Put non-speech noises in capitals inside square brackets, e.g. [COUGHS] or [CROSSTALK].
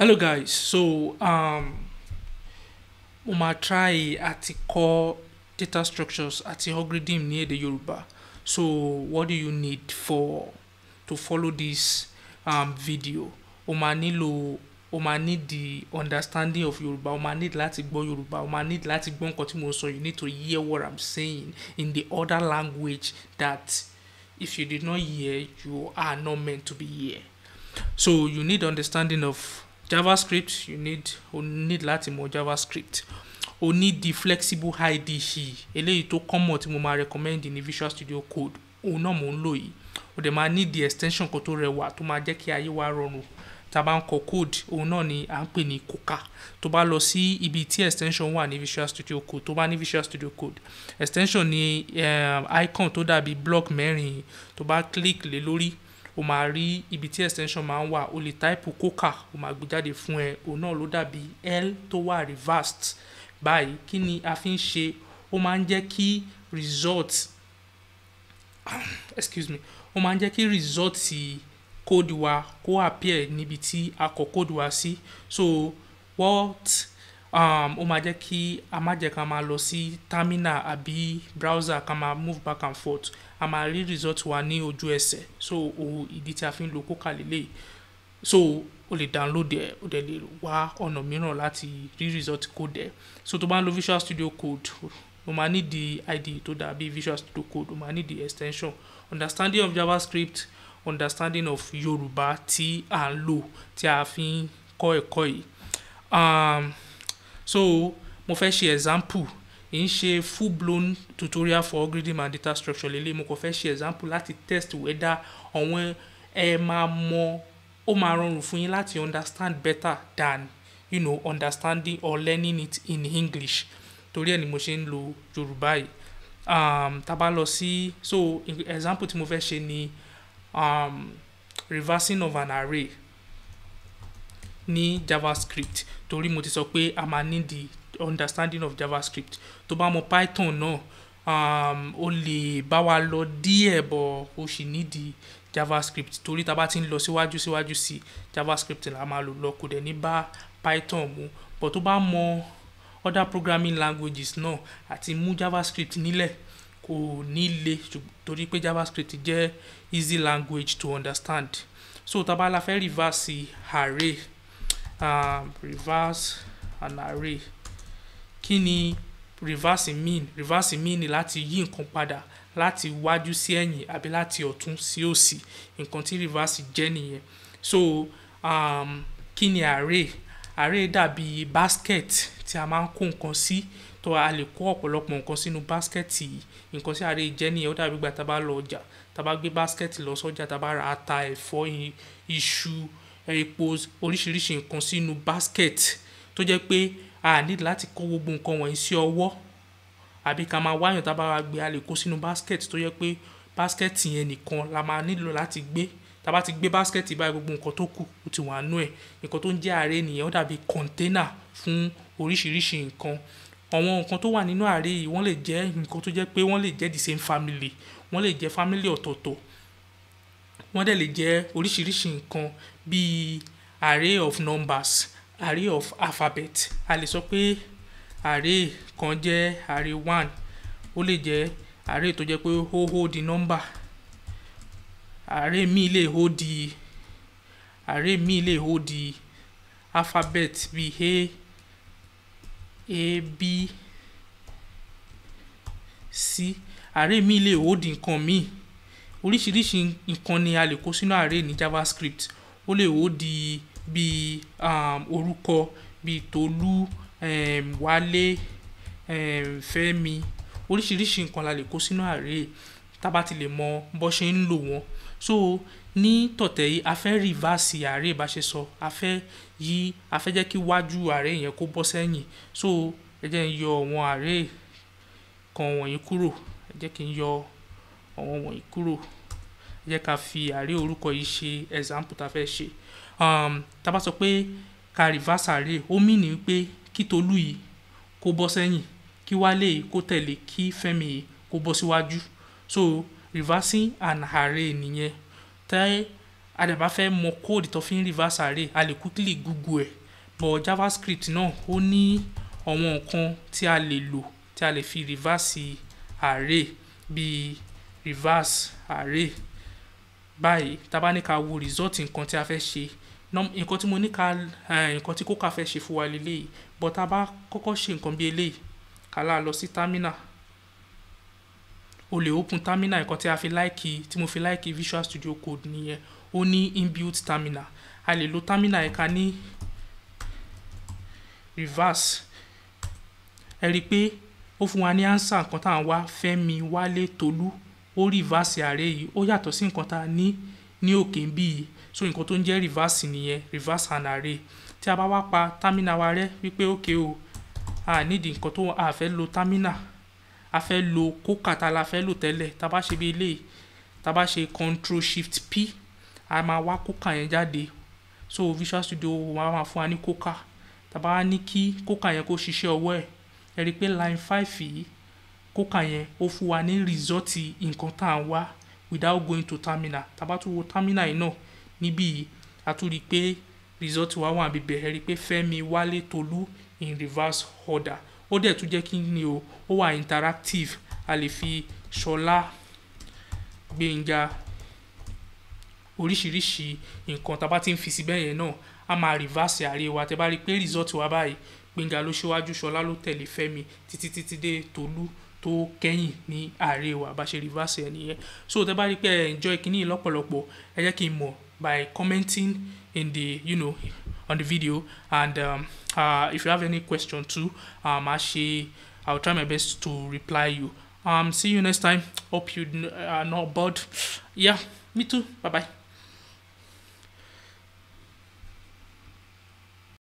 hello guys so um, mo máa try àti kọ data structures àti algorithm ní èdè Yoruba. so what do you need for to follow this um, video o máa nílò o máa need the understanding of Yoruba. o máa need láti gbọ́ Yoruba. o máa need láti gbọ́ nǹkan tí mo sọ you need to hear what I'm saying in the other language that if you did not hear you are not meant to be here so you need understanding of javascript you need o need láti mọ̀ javascript o need the flexible IDE eléyìí tó common tí mo ma recommend ní Visual Studio Code òun na mò ń lò yìí o dẹ̀ máa need the extension kan tó rẹwà tó máa jẹ́ kí ayé wa rọrùn tá a bá ń kọ code òun náà ni à ń pè ní coca tó bá lọ sí ibi tí extension wà ní Visual Studio Code tó bá ní Visual Studio Code extension ni um, icon tó dàbí block mẹ́rin tó bá click lé lórí o máa rí ibi tí extension máa ń wà o lè táìpù coca o máa gbé jáde fún ẹ òun náà ló dàbí L tó wà reversed báyìí kí ni a fi ń ṣe ó máa ń jẹ́ kí result [COUGHS] excuse me ó máa ń jẹ́ kí result yìí code wa kó appear níbi tí a kọ code wa sí so what um, ó máa jẹ́ kí a má jẹ́ ká máa lọ sí terminal àbí browser ká máa move back and forth a máa rí result wa ní ojú ẹsẹ̀ so òun ìdí tí a fi ń lo kókà lélẹ̀ so o lè download ẹ o dẹ̀ lè wá ọ̀nà mìíràn láti rí result code ẹ so tó bá ń lo Visual Studio Code o máa ní di IDE tó dàbí Visual Studio Code o máa ní di extension understanding of JavaScript understanding of Yoruba, tí à ń lò tí a fi ń kọ́ ẹ̀kọ́ yìí um, so mo fẹ́ ṣe example n ṣe full blown tutorial for algorithm and data structure lele mo kàn fẹ́ ṣe example láti test whether àwọn ẹ máa mọ ó máa rọrùn fún yín láti understand better than you know, understanding or learning it in English torí ẹ̀ ni mo ṣe ń lo Yoruba. yìí um, tá a bá lọ sí so example tí mo fẹ́ ṣe ni um, reversing of an array ní javascript torí mo ti sọ pé a máa ní the understanding of javascript tó bá mọ python náà um, o lè bá wa lọ díẹ̀ bọ̀ o sì nídìí javascript torí tá a bá ti ń lọ síwájú síwájú sí javascript la máa lò lọ kò dẹ̀ ní bá python mu bọ̀ tó bá mọ other programming languages náà àti mú javascript nílẹ̀ kò ní le torí pé javascript jẹ́ easy language to understand so tá bá la fẹ́ reverse array um, reverse an array kí ni reverse mean reverse mean ni láti yí nǹkan padà láti wájú sí ẹ̀yìn àbí láti ọ̀tún sí òsì nǹkan tí reverse jẹ́ nìyẹn so um, kí ni array array dàbí basket tí a máa ń kó nǹkan sí tó a lè kó ọ̀pọ̀lọpọ̀ nǹkan sínú báskẹ̀tì nǹkan sí àárẹ̀ ìjẹ́ nìyẹn ó dàbí gbà tá a bá lọ ọjà tá a bá gbé báskẹ̀tì lọ sọ́jà tá a bá ra ata ẹ̀fọ́ iṣu epo oríṣiríṣi nǹkan sínú báskẹ̀tì tó jẹ́ pé a nílò láti kó gbogbo nǹkan wọ̀nyí sí ọwọ́ àbí ká máa wáyàn tá gbé a lè kó sínú báskẹ̀tì tó jẹ́ pé báskẹ̀tì yẹn nìkan la máa nílò láti gbé tá a bá ti gbé báskẹ́ẹ̀tì báyìí gbogbo nǹkan tó kù ó ti wà nú ẹ̀ nǹkan tó ń jẹ́ àárẹ̀ nìyẹn ó dàbí kọ̀ńténà fún oríṣiríṣi nǹkan àwọn nǹkan tó wà nínú àárẹ̀ yìí wọ́n lè jẹ́ nǹkan tó jẹ́ pé wọ́n lè jẹ́ the same family wọ́n lè jẹ́ family ọ̀tọ̀ọ̀tọ̀ wọ́n dẹ̀ lè jẹ́ oríṣiríṣi nǹkan bíi array of numbers array of alphabet a lè sọ pé array kan jẹ́ array one ó lè jẹ́ array tó jẹ́ pé ó hold the number ààrẹ mi lè hó di ààrẹ mi lè hó di alphabet bíi a a b c ààrẹ mi lè hó di nǹkan míì oríṣiríṣi nǹkan ni a lè kó sínú ààrẹ ní javascript ó lè hó di bíi um, orúkọ bi tolu, um, wálé um, fẹ́mi oríṣiríṣi nǹkan la lè kó sínú ààrẹ tá a bá ti lè mọ bó ṣe ń lò wọ́n so ní tọ̀tẹ̀ yìí a fẹ́ rìvásì àárẹ̀ bá ṣe sọ a fẹ́ yí a fẹ́ jẹ́ kí wájú àárẹ̀ yẹn kó bọ́ sẹ́yìn so ẹ jẹ́ n yọ àwọn àárẹ̀ kan wọ̀nyí kúrò ẹ jẹ́ kí n yọ àwọn wọ̀nyí kúrò ẹ jẹ́ ká fi àárẹ̀ orúkọ yìí ṣe example tá a fẹ́ ṣe um, tá a bá sọ pé ká rìvásì àárẹ̀ ó mì ní pé kí Tolú yìí kó bọ́ sẹ́yìn kí Wálé yìí kó tẹ̀lé kí Fẹ́mi yìí kó bọ́ síwájú so reversing an array nìyẹn tẹ́ àdàbà fẹ́ mọ code tó fi ń reverse array a lè quickly google ẹ̀ but javascript náà ó ní àwọn nǹkan tí a lè lò tí a lè fi reverse array bíi reverse array báyìí tá a bá ní ká wo result nǹkan tí a fẹ́ ṣe nǹkan tí mo ní ká eh, nǹkan tí kò ká fẹ́ ṣe fún wa lélẹ́yìí but tá a bá kọ́kọ́ ṣe nǹkan bí eléyìí ká lọ sí terminal o lè open terminal nǹkan tí a fi láìkì tí mo fi láìkì Visual Studio Code nìyẹn ó ní inbuilt terminal a lè lo terminal ẹ̀ka ní reverse ẹ rí i pé ó fún wa ní ánsà nǹkan tá à ń wá Fẹ́mi Wálé Tolú ó reverse array yìí ó yàtọ̀ sí nǹkan tá a ní ní òkè ń bí yìí so nǹkan tó ń jẹ́ reverse nìyẹn reverse an array tí a bá wá pa terminal wa rẹ́ wípé ókè o a nídìí nǹkan tó a fẹ́ lo terminal a fẹ́ lo kókà tá la fẹ́ lò tẹ́lẹ̀ tá bá ṣe bí eléyìí tá bá ṣe control shift p a máa wá kókà yẹn jáde so visual studio wa máa fún wa ní kókà tá bá ní kí kókà yẹn kó ṣiṣẹ́ ọwọ́ ẹ̀ ẹ rí i pé line five yìí kókà yẹn ó fún wa ní result nǹkan tá à ń wá without going to terminal tá a bá tún wo terminal yìí náà níbí yìí a tún rí i pé result wa wà bíbẹ̀ ẹ rí i pé Fẹ́mi Wálé Tolú in reverse order ó dẹ̀ tún jẹ́ kí ni o ó wà interactive a lè fi ṣọlá gbẹ̀ngà oríṣiríṣi nǹkan tá a bá ti ń fi sí bẹ́ẹ̀ yẹn náà a máa rìvásì àárẹ̀ wa tẹ́ bá rí i pé rìsọ́ọ̀tì wa báyìí gbẹ̀ngà ló ṣíwájú ṣọlá ló tẹ̀lé fẹ́mi títí títí dé tolú tó kẹ́yìn ní àárẹ̀ wa bá ṣe rìvásì ẹ̀ nìyẹn so tẹ́ bá rí i pé ẹ̀ enjoy kínní lọ́pọ̀lọpọ̀ ẹ jẹ́ kí n mọ̀ by commenting in the you know on the video and um, uh, if you have any question too um, actually I'll try my best to reply you um see you next time hope you uh, are not bored yeah me too bye bye